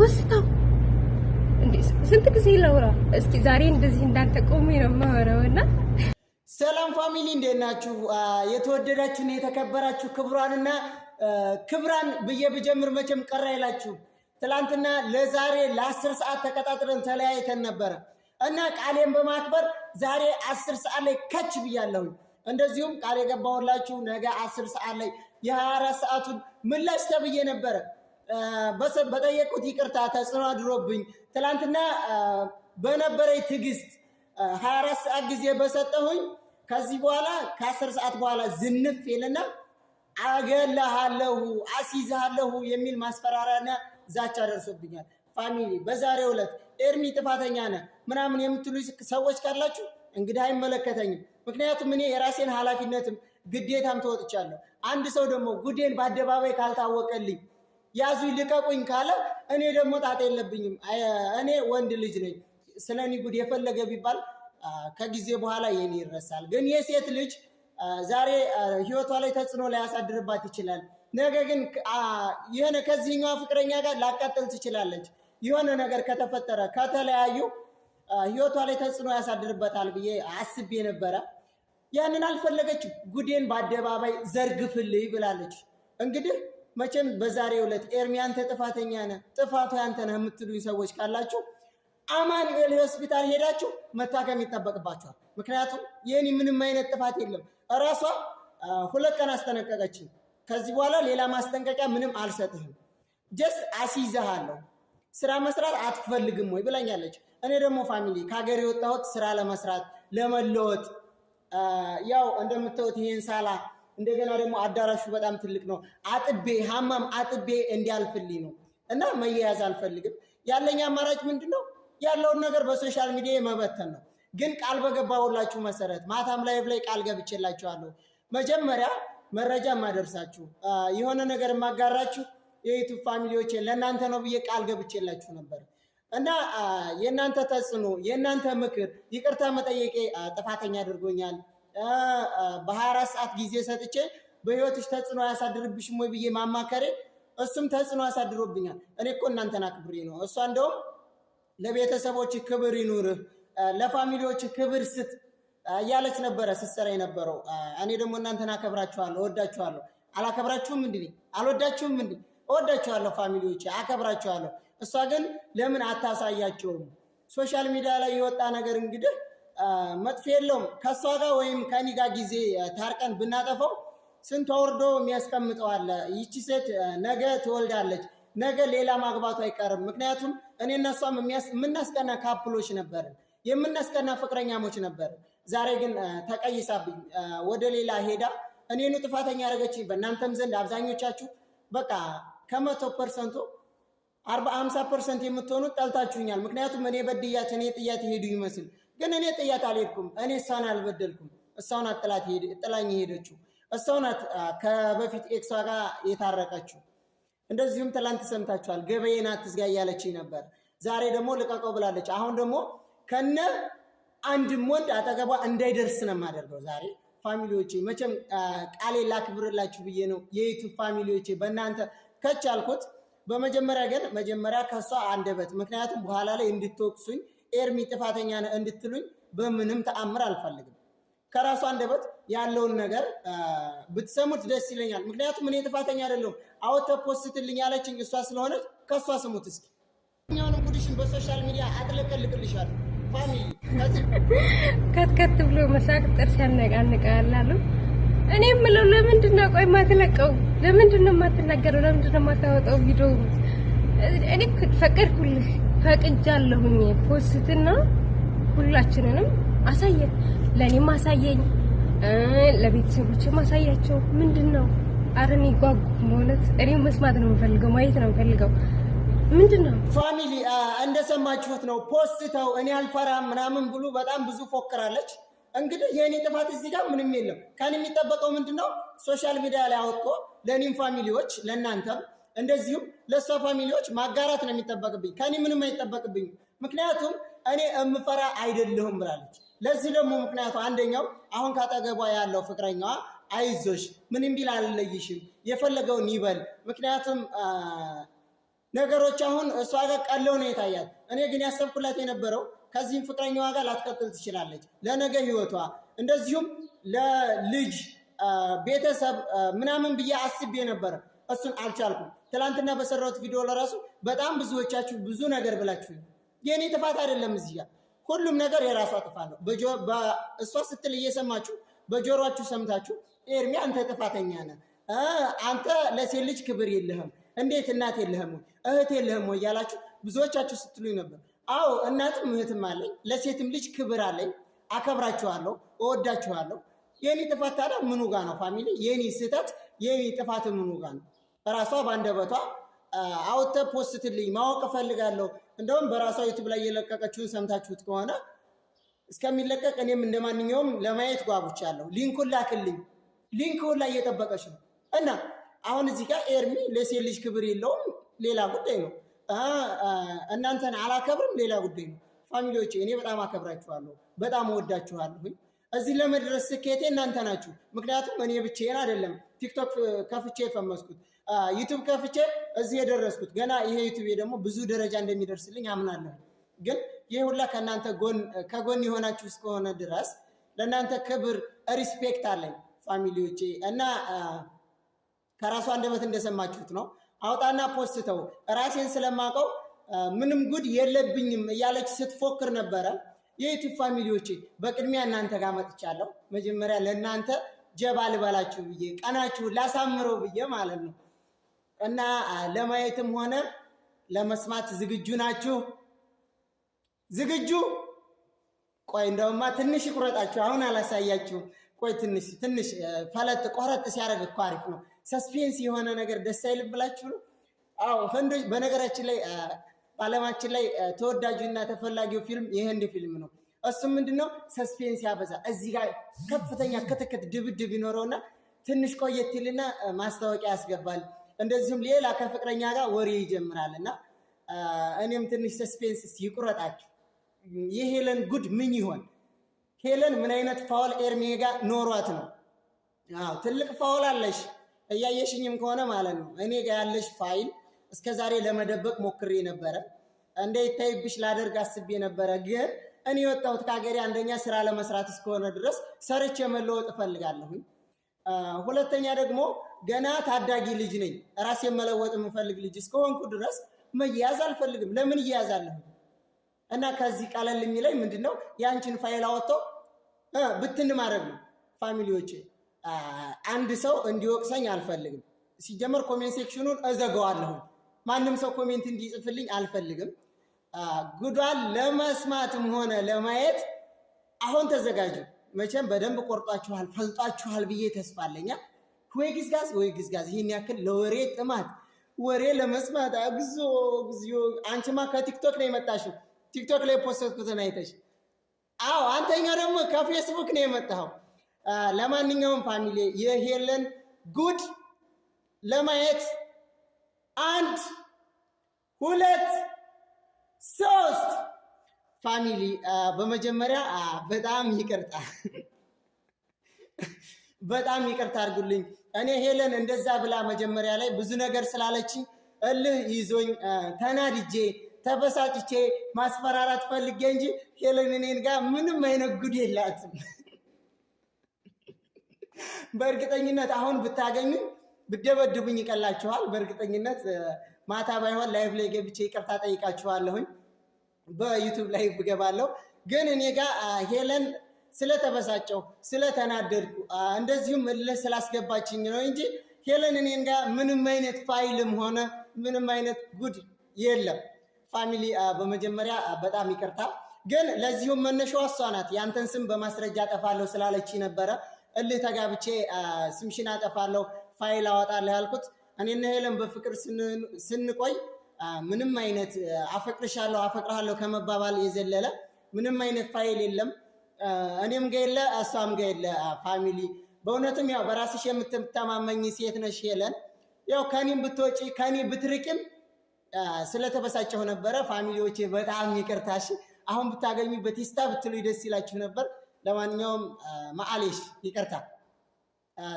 ወስታው እንዴ ስንት ጊዜ ላውራ? እስኪ ዛሬ እንደዚህ እንዳንተ ቆሜ ነው የማወራው እና ሰላም ፋሚሊ እንዴት ናችሁ? የተወደዳችሁ የተከበራችሁ ክብሯንና ክብራን ብዬ ብጀምር መቼም ቀራ ይላችሁ። ትላንትና ለዛሬ ለአስር ሰዓት ተቀጣጥረን ተለያይተን ነበረ እና ቃሌን በማክበር ዛሬ አስር ሰዓት ላይ ከች ብያለሁኝ። እንደዚሁም ቃል የገባሁላችሁ ነገ አስር ሰዓት ላይ የሀያ አራት ሰዓቱን ምላሽ ተብዬ ነበረ በጠየቁት ይቅርታ ተጽዕኖ አድሮብኝ ትላንትና በነበረኝ ትዕግስት 24 ሰዓት ጊዜ በሰጠሁኝ ከዚህ በኋላ ከአስር ሰዓት በኋላ ዝንፍ የለና አገለሃለሁ፣ አስይዝሃለሁ የሚል ማስፈራሪያና ዛቻ ደርሶብኛል። ፋሚሊ በዛሬው ዕለት ኤርሚ ጥፋተኛ ነህ ምናምን የምትሉ ሰዎች ካላችሁ እንግዲህ አይመለከተኝም። ምክንያቱም እኔ የራሴን ኃላፊነትም ግዴታም ተወጥቻለሁ። አንድ ሰው ደግሞ ጉዴን በአደባባይ ካልታወቀልኝ ያዙኝ ልቀቁኝ ካለ እኔ ደግሞ ጣጣ የለብኝም። እኔ ወንድ ልጅ ነኝ። ስለ እኔ ጉድ የፈለገ ቢባል ከጊዜ በኋላ የኔ ይረሳል። ግን የሴት ልጅ ዛሬ ህይወቷ ላይ ተጽዕኖ ሊያሳድርባት ይችላል። ነገ ግን የሆነ ከዚህኛዋ ፍቅረኛ ጋር ላቃጠል ትችላለች። የሆነ ነገር ከተፈጠረ ከተለያዩ ህይወቷ ላይ ተጽዕኖ ያሳድርበታል ብዬ አስቤ ነበረ። ያንን አልፈለገች። ጉዴን በአደባባይ ዘርግፍልኝ ብላለች። እንግዲህ መቼም በዛሬ ዕለት ኤርሚ አንተ ጥፋተኛ ነህ፣ ጥፋቱ ያንተ ነህ የምትሉኝ ሰዎች ካላችሁ አማኑኤል ሆስፒታል ሄዳችሁ መታከም ይጠበቅባችኋል። ምክንያቱም የኔ ምንም አይነት ጥፋት የለም። እራሷ ሁለት ቀን አስጠነቀቀችን። ከዚህ በኋላ ሌላ ማስጠንቀቂያ ምንም አልሰጥህም፣ ጀስት አስይዘሃለሁ፣ ስራ መስራት አትፈልግም ወይ ብላኛለች። እኔ ደግሞ ፋሚሊ ከሀገር የወጣሁት ስራ ለመስራት ለመለወጥ፣ ያው እንደምታዩት ይሄን ሳላ እንደገና ደግሞ አዳራሹ በጣም ትልቅ ነው። አጥቤ ሀማም አጥቤ እንዲያልፍልኝ ነው እና መያያዝ አልፈልግም። ያለኝ አማራጭ ምንድን ነው? ያለውን ነገር በሶሻል ሚዲያ መበተን ነው። ግን ቃል በገባሁላችሁ መሰረት ማታም ላይቭ ላይ ቃል ገብቼላችኋለሁ። መጀመሪያ መረጃ ማደርሳችሁ የሆነ ነገር የማጋራችሁ የዩቱብ ፋሚሊዎች ለእናንተ ነው ብዬ ቃል ገብቼላችሁ ነበር እና የእናንተ ተጽዕኖ፣ የእናንተ ምክር ይቅርታ መጠየቄ ጥፋተኛ አድርጎኛል። በሀያ አራት ሰዓት ጊዜ ሰጥቼ በህይወትሽ ተጽዕኖ አያሳድርብሽም ወይ ብዬ ማማከሬ እሱም ተጽዕኖ አሳድሮብኛል። እኔ እኮ እናንተና አክብሬ ነው። እሷ እንደውም ለቤተሰቦች ክብር ይኑርህ፣ ለፋሚሊዎች ክብር ስት እያለች ነበረ ስትሰራ የነበረው። እኔ ደግሞ እናንተን አከብራችኋለሁ፣ እወዳችኋለሁ። አላከብራችሁም እንዲ አልወዳችሁም እንዲ እወዳችኋለሁ፣ ፋሚሊዎች አከብራችኋለሁ። እሷ ግን ለምን አታሳያቸውም? ሶሻል ሚዲያ ላይ የወጣ ነገር እንግዲህ መጥፎ የለውም። ከእሷ ጋር ወይም ከእኔ ጋር ጊዜ ታርቀን ብናጠፈው ስንት አውርዶ የሚያስቀምጠዋል። ይቺ ሴት ነገ ትወልዳለች፣ ነገ ሌላ ማግባቱ አይቀርም። ምክንያቱም እኔና እሷም የምናስቀና ካፕሎች ነበርን፣ የምናስቀና ፍቅረኛሞች ነበርን። ዛሬ ግን ተቀይሳብኝ ወደ ሌላ ሄዳ እኔኑ ጥፋተኛ ያደረገችኝ በእናንተም ዘንድ አብዛኞቻችሁ በቃ ከመቶ ፐርሰንቱ አርባ አምሳ ፐርሰንት የምትሆኑት ጠልታችሁኛል። ምክንያቱም እኔ በድያት እኔ ጥያት ሄዱ ይመስል ግን እኔ ጥያት አልሄድኩም። እኔ እሷን አልበደልኩም። እሷን አጥላት ጥላኝ ሄደችው። እሷን ከበፊት ኤክሷ ጋር የታረቀችው። እንደዚሁም ትላንት ሰምታችኋል። ገበዬን አትዝጋ እያለችኝ ነበር። ዛሬ ደግሞ ልቀቀው ብላለች። አሁን ደግሞ ከነ አንድም ወንድ አጠገቧ እንዳይደርስ ነው የማደርገው ዛሬ ፋሚሊዎቼ መቼም ቃሌ ላክብርላችሁ ብዬ ነው የዩቱብ ፋሚሊዎቼ በእናንተ ከች አልኩት። በመጀመሪያ ግን መጀመሪያ ከሷ አንደበት ምክንያቱም በኋላ ላይ እንድትወቅሱኝ ኤርሚ ጥፋተኛ ነህ እንድትሉኝ በምንም ተአምር አልፈልግም። ከራሱ አንደበት ያለውን ነገር ብትሰሙት ደስ ይለኛል። ምክንያቱም እኔ ጥፋተኛ አይደለሁም። አውተ ፖስትልኝ ያለችኝ እሷ ስለሆነች ከእሷ ስሙት እስኪ። እኛውንም ጉድሽን በሶሻል ሚዲያ አጥለቀልቅልሻለሁ። ፋሚሊ ከትከት ብሎ መሳቅ ጥርስ ያነቃንቃል አሉ። እኔ የምለው ለምንድን ነው ቆይ የማትለቀው? ለምንድን ነው የማትናገረው? ለምንድን ነው የማታወጣው ቪዲዮ? እኔ ፈቀድኩልህ ፈቅጃለሁኝ ፖስትና ሁላችንንም አሳየ ለእኔም አሳየኝ፣ ለቤተሰቦችም አሳያቸው። ምንድን ነው አረ እኔ ጓጉ እኔ መስማት ነው የምፈልገው፣ ማየት ነው የምፈልገው። ምንድን ነው ፋሚሊ፣ እንደሰማችሁት ነው። ፖስትተው እኔ አልፈራም ምናምን ብሎ በጣም ብዙ ፎክራለች። እንግዲህ የእኔ ጥፋት እዚህ ጋር ምንም የለም። ከኔ የሚጠበቀው ምንድን ነው ሶሻል ሚዲያ ላይ አወጥቶ ለእኔም ፋሚሊዎች ለእናንተም እንደዚሁም ለእሷ ፋሚሊዎች ማጋራት ነው የሚጠበቅብኝ። ከኔ ምንም አይጠበቅብኝ ምክንያቱም እኔ እምፈራ አይደለሁም ብላለች። ለዚህ ደግሞ ምክንያቱ አንደኛው አሁን ካጠገቧ ያለው ፍቅረኛዋ አይዞሽ፣ ምንም ቢል አልለይሽም፣ የፈለገውን ይበል። ምክንያቱም ነገሮች አሁን እሷ ጋር ቀለው ነው የታያት። እኔ ግን ያሰብኩላት የነበረው ከዚህም ፍቅረኛዋ ጋር ላትቀጥል ትችላለች፣ ለነገ ህይወቷ እንደዚሁም ለልጅ ቤተሰብ ምናምን ብዬ አስቤ ነበር። እሱን አልቻልኩም። ትላንትና በሰራሁት ቪዲዮ ለራሱ በጣም ብዙዎቻችሁ ብዙ ነገር ብላችሁ የእኔ ጥፋት አይደለም። እዚህ ሁሉም ነገር የራሷ ጥፋት ነው። እሷ ስትል እየሰማችሁ በጆሯችሁ ሰምታችሁ፣ ኤርሚ አንተ ጥፋተኛ ነህ፣ አንተ ለሴት ልጅ ክብር የለህም፣ እንዴት እናት የለህም ወይ እህት የለህም ወይ እያላችሁ ብዙዎቻችሁ ስትሉኝ ነበር። አዎ እናትም እህትም አለኝ፣ ለሴትም ልጅ ክብር አለኝ። አከብራችኋለሁ፣ እወዳችኋለሁ። የእኔ ጥፋት ታዲያ ምኑ ጋ ነው? ፋሚሊ የእኔ ስህተት የእኔ ጥፋት ምኑ ጋ ነው? ራሷ ባንደበቷ አውተ ፖስትልኝ ማወቅ እፈልጋለሁ። እንደውም በራሷ ዩቱብ ላይ የለቀቀችውን ሰምታችሁት ከሆነ እስከሚለቀቅ እኔም እንደማንኛውም ለማየት ጓጉቻለሁ። ሊንኩን ላክልኝ። ሊንኩን ላይ እየጠበቀች ነው። እና አሁን እዚህ ጋር ኤርሚ ለሴት ልጅ ክብር የለውም ሌላ ጉዳይ ነው። እናንተን አላከብርም ሌላ ጉዳይ ነው። ፋሚሊዎች እኔ በጣም አከብራችኋለሁ፣ በጣም እወዳችኋለሁኝ። እዚህ ለመድረስ ስኬቴ እናንተ ናችሁ። ምክንያቱም እኔ ብቻዬን አይደለም ቲክቶክ ከፍቼ የፈመስኩት ዩቱብ ከፍቼ እዚህ የደረስኩት ገና ይሄ ዩቱብ ደግሞ ብዙ ደረጃ እንደሚደርስልኝ አምናለሁ። ግን ይህ ሁላ ከእናንተ ከጎን የሆናችሁ እስከሆነ ድረስ ለእናንተ ክብር ሪስፔክት አለኝ ፋሚሊዎቼ እና ከራሱ አንደበት እንደሰማችሁት ነው። አውጣና ፖስተው ራሴን ስለማውቀው ምንም ጉድ የለብኝም እያለች ስትፎክር ነበረ። የዩቱብ ፋሚሊዎቼ በቅድሚያ እናንተ ጋር መጥቻለሁ። መጀመሪያ ለእናንተ ጀባ ልበላችሁ ብዬ ቀናችሁን ላሳምረው ብዬ ማለት ነው። እና ለማየትም ሆነ ለመስማት ዝግጁ ናችሁ? ዝግጁ? ቆይ እንደውማ ትንሽ ይቁረጣችሁ። አሁን አላሳያችሁም። ቆይ ትንሽ ትንሽ ፈለጥ ቆረጥ ሲያደርግ እኮ አሪፍ ነው። ሰስፔንስ የሆነ ነገር ደስ ብላችሁ ነው? አዎ ፈንዶች። በነገራችን ላይ በዓለማችን ላይ ተወዳጁና ተፈላጊው ፊልም የህንድ ፊልም ነው። እሱም ምንድነው ሰስፔንስ ያበዛ። እዚህ ጋር ከፍተኛ ክትክት ድብድብ ይኖረውና ትንሽ ቆየት ይልና ማስታወቂያ ያስገባል። እንደዚሁም ሌላ ከፍቅረኛ ጋር ወሬ ይጀምራል እና እኔም ትንሽ ሰስፔንስ ይቁረጣችሁ። የሄለን ጉድ ምን ይሆን? ሄለን ምን አይነት ፋውል ኤርሜ ጋር ኖሯት ነው? አዎ ትልቅ ፋውል አለሽ። እያየሽኝም ከሆነ ማለት ነው እኔ ጋ ያለሽ ፋይል እስከ ዛሬ ለመደበቅ ሞክሬ ነበረ። ይታይብሽ ላደርግ አስቤ ነበረ። ግን እኔ የወጣሁት ከሀገሬ አንደኛ ስራ ለመስራት እስከሆነ ድረስ ሰርቼ መለወጥ እፈልጋለሁኝ። ሁለተኛ ደግሞ ገና ታዳጊ ልጅ ነኝ። ራሴ የመለወጥ የምፈልግ ልጅ እስከሆንኩ ድረስ መያዝ አልፈልግም። ለምን እያያዛለሁ? እና ከዚህ ቀለል የሚለኝ ምንድን ነው የአንቺን ፋይል አወጥቶ ብትን ማድረግ ነው። ፋሚሊዎች፣ አንድ ሰው እንዲወቅሰኝ አልፈልግም። ሲጀመር ኮሜንት ሴክሽኑን እዘጋዋለሁ። ማንም ሰው ኮሜንት እንዲጽፍልኝ አልፈልግም። ጉዷን ለመስማትም ሆነ ለማየት አሁን ተዘጋጁ። መቼም በደንብ ቆርጧችኋል፣ ፈልጣችኋል ብዬ ተስፋ ወይ ግዝጋዝ ወይ ግዝጋዝ! ይህን ያክል ለወሬ ጥማት ወሬ ለመስማት አግዞ ጊዜ። አንቺማ ከቲክቶክ ነው የመጣሽው። ቲክቶክ ላይ ፖስትኩትን አይተሽ። አዎ አንተኛው ደግሞ ከፌስቡክ ነው የመጣው ለማንኛውም ፋሚሊ የሄለን ጉድ ለማየት አንድ ሁለት ሶስት ፋሚሊ በመጀመሪያ በጣም ይቅርታ በጣም ይቅርታ አድርጉልኝ። እኔ ሄለን እንደዛ ብላ መጀመሪያ ላይ ብዙ ነገር ስላለችኝ እልህ ይዞኝ ተናድጄ ተበሳጭቼ ማስፈራራት ፈልጌ እንጂ ሄለን እኔን ጋር ምንም አይነት ጉድ የላትም። በእርግጠኝነት አሁን ብታገኙ ብደበድቡኝ ይቀላችኋል። በእርግጠኝነት ማታ ባይሆን ላይቭ ላይ ገብቼ ይቅርታ ጠይቃችኋለሁኝ። በዩቱብ ላይ ብገባለው ግን እኔ ጋ ሄለን ስለተበሳጨው ስለተናደድኩ፣ እንደዚሁም እልህ ስላስገባችኝ ነው እንጂ ሄለን እኔን ጋ ምንም አይነት ፋይልም ሆነ ምንም አይነት ጉድ የለም። ፋሚሊ በመጀመሪያ በጣም ይቅርታ። ግን ለዚሁም መነሻዋ እሷ ናት። ያንተን ስም በማስረጃ አጠፋለሁ ስላለች ነበረ እልህ ተጋብቼ ስምሽን አጠፋለሁ ፋይል አወጣለሁ ያልኩት። እኔና ሄለን በፍቅር ስንቆይ ምንም አይነት አፈቅርሻለሁ አፈቅርሃለሁ ከመባባል የዘለለ ምንም አይነት ፋይል የለም። እኔም ጋ የለ እሷም ጋ የለ ፋሚሊ። በእውነትም ያው በራስሽ የምትተማመኝ ሴት ነሽ ሄለን። ያው ከኔም ብትወጪ ከኔ ብትርቅም ስለተበሳጨሁ ነበረ። ፋሚሊዎች በጣም ይቅርታሽ። አሁን ብታገኙ በቴስታ ብትሉ ደስ ይላችሁ ነበር። ለማንኛውም ማአሌሽ ይቅርታ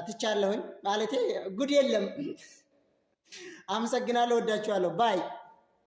ትቻለሁኝ። ማለቴ ጉድ የለም አመሰግናለሁ። ወዳችኋለሁ። ባይ